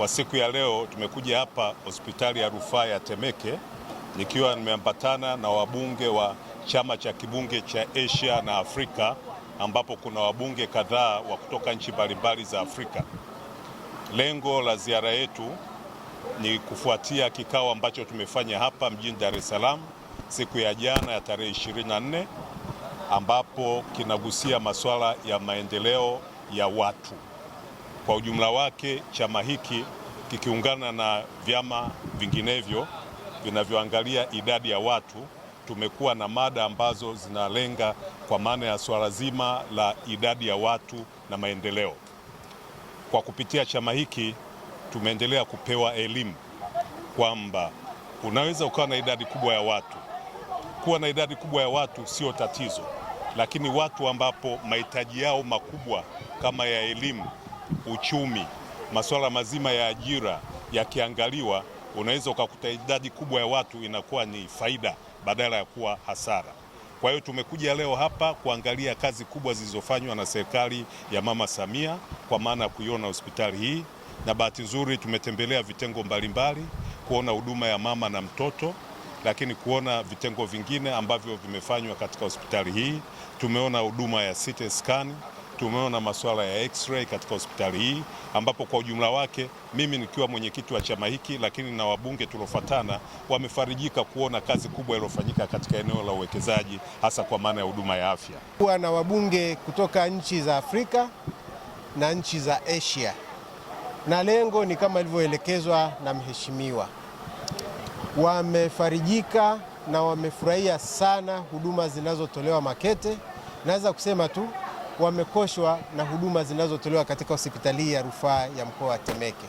Kwa siku ya leo tumekuja hapa hospitali ya rufaa ya Temeke nikiwa nimeambatana na wabunge wa chama cha kibunge cha Asia na Afrika ambapo kuna wabunge kadhaa wa kutoka nchi mbalimbali za Afrika. Lengo la ziara yetu ni kufuatia kikao ambacho tumefanya hapa mjini Dar es Salaam siku ya jana ya tarehe 24 ambapo kinagusia masuala ya maendeleo ya watu. Kwa ujumla wake, chama hiki kikiungana na vyama vinginevyo vinavyoangalia idadi ya watu, tumekuwa na mada ambazo zinalenga kwa maana ya swala zima la idadi ya watu na maendeleo. Kwa kupitia chama hiki tumeendelea kupewa elimu kwamba unaweza ukawa na idadi kubwa ya watu. Kuwa na idadi kubwa ya watu sio tatizo, lakini watu ambapo mahitaji yao makubwa kama ya elimu uchumi, masuala mazima ya ajira yakiangaliwa, unaweza ukakuta idadi kubwa ya watu inakuwa ni faida badala ya kuwa hasara. Kwa hiyo tumekuja leo hapa kuangalia kazi kubwa zilizofanywa na serikali ya Mama Samia kwa maana ya kuiona hospitali hii, na bahati nzuri tumetembelea vitengo mbalimbali kuona huduma ya mama na mtoto, lakini kuona vitengo vingine ambavyo vimefanywa katika hospitali hii. Tumeona huduma ya CT scan tumeona masuala ya x-ray katika hospitali hii ambapo kwa ujumla wake mimi nikiwa mwenyekiti wa chama hiki, lakini na wabunge tuliofuatana wamefarijika kuona kazi kubwa iliyofanyika katika eneo la uwekezaji, hasa kwa maana ya huduma ya afya. Kuwa na wabunge kutoka nchi za Afrika na nchi za Asia, na lengo ni kama ilivyoelekezwa na mheshimiwa, wamefarijika na wamefurahia sana huduma zinazotolewa Makete. Naweza kusema tu wamekoshwa na huduma zinazotolewa katika hospitali ya rufaa ya mkoa wa Temeke.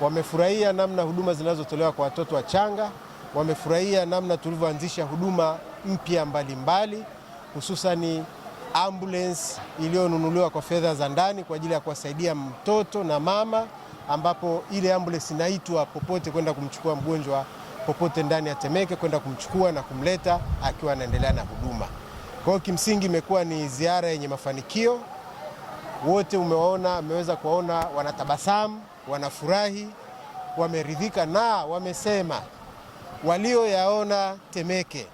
Wamefurahia namna huduma zinazotolewa kwa watoto wachanga, wamefurahia namna tulivyoanzisha huduma mpya mbalimbali, hususani ambulance iliyonunuliwa kwa fedha za ndani kwa ajili ya kuwasaidia mtoto na mama, ambapo ile ambulance inaitwa popote kwenda kumchukua mgonjwa popote ndani ya Temeke kwenda kumchukua na kumleta akiwa anaendelea na huduma. Kwa hiyo kimsingi imekuwa ni ziara yenye mafanikio, wote umewaona, ameweza kuwaona wanatabasamu, wanafurahi, wameridhika na wamesema walioyaona Temeke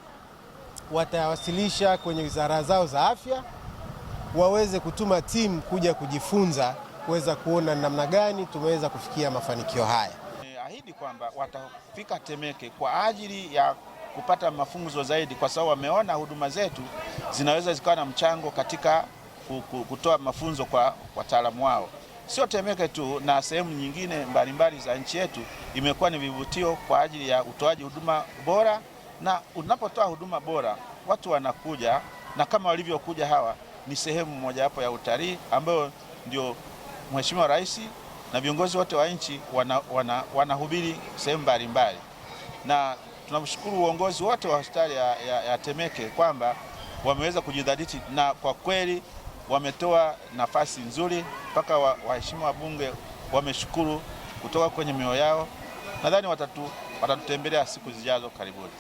watawasilisha kwenye wizara zao za afya waweze kutuma timu kuja kujifunza kuweza kuona namna gani tumeweza kufikia mafanikio haya. Ahidi kwamba watafika Temeke kwa ajili ya kupata mafunzo zaidi, kwa sababu wameona huduma zetu zinaweza zikawa na mchango katika kutoa mafunzo kwa wataalamu wao. Sio Temeke tu na sehemu nyingine mbalimbali za nchi yetu imekuwa ni vivutio kwa ajili ya utoaji huduma bora, na unapotoa huduma bora watu wanakuja, na kama walivyokuja hawa ni sehemu mojawapo ya utalii ambayo ndio Mheshimiwa Rais na viongozi wote wa nchi wanahubiri wana, wana sehemu mbalimbali, na tunamshukuru uongozi wote wa hospitali ya, ya, ya Temeke kwamba wameweza kujidhatiti na kwa kweli wametoa nafasi nzuri mpaka waheshimiwa wa bunge wameshukuru kutoka kwenye mioyo yao. Nadhani watatu watatutembelea siku zijazo karibuni.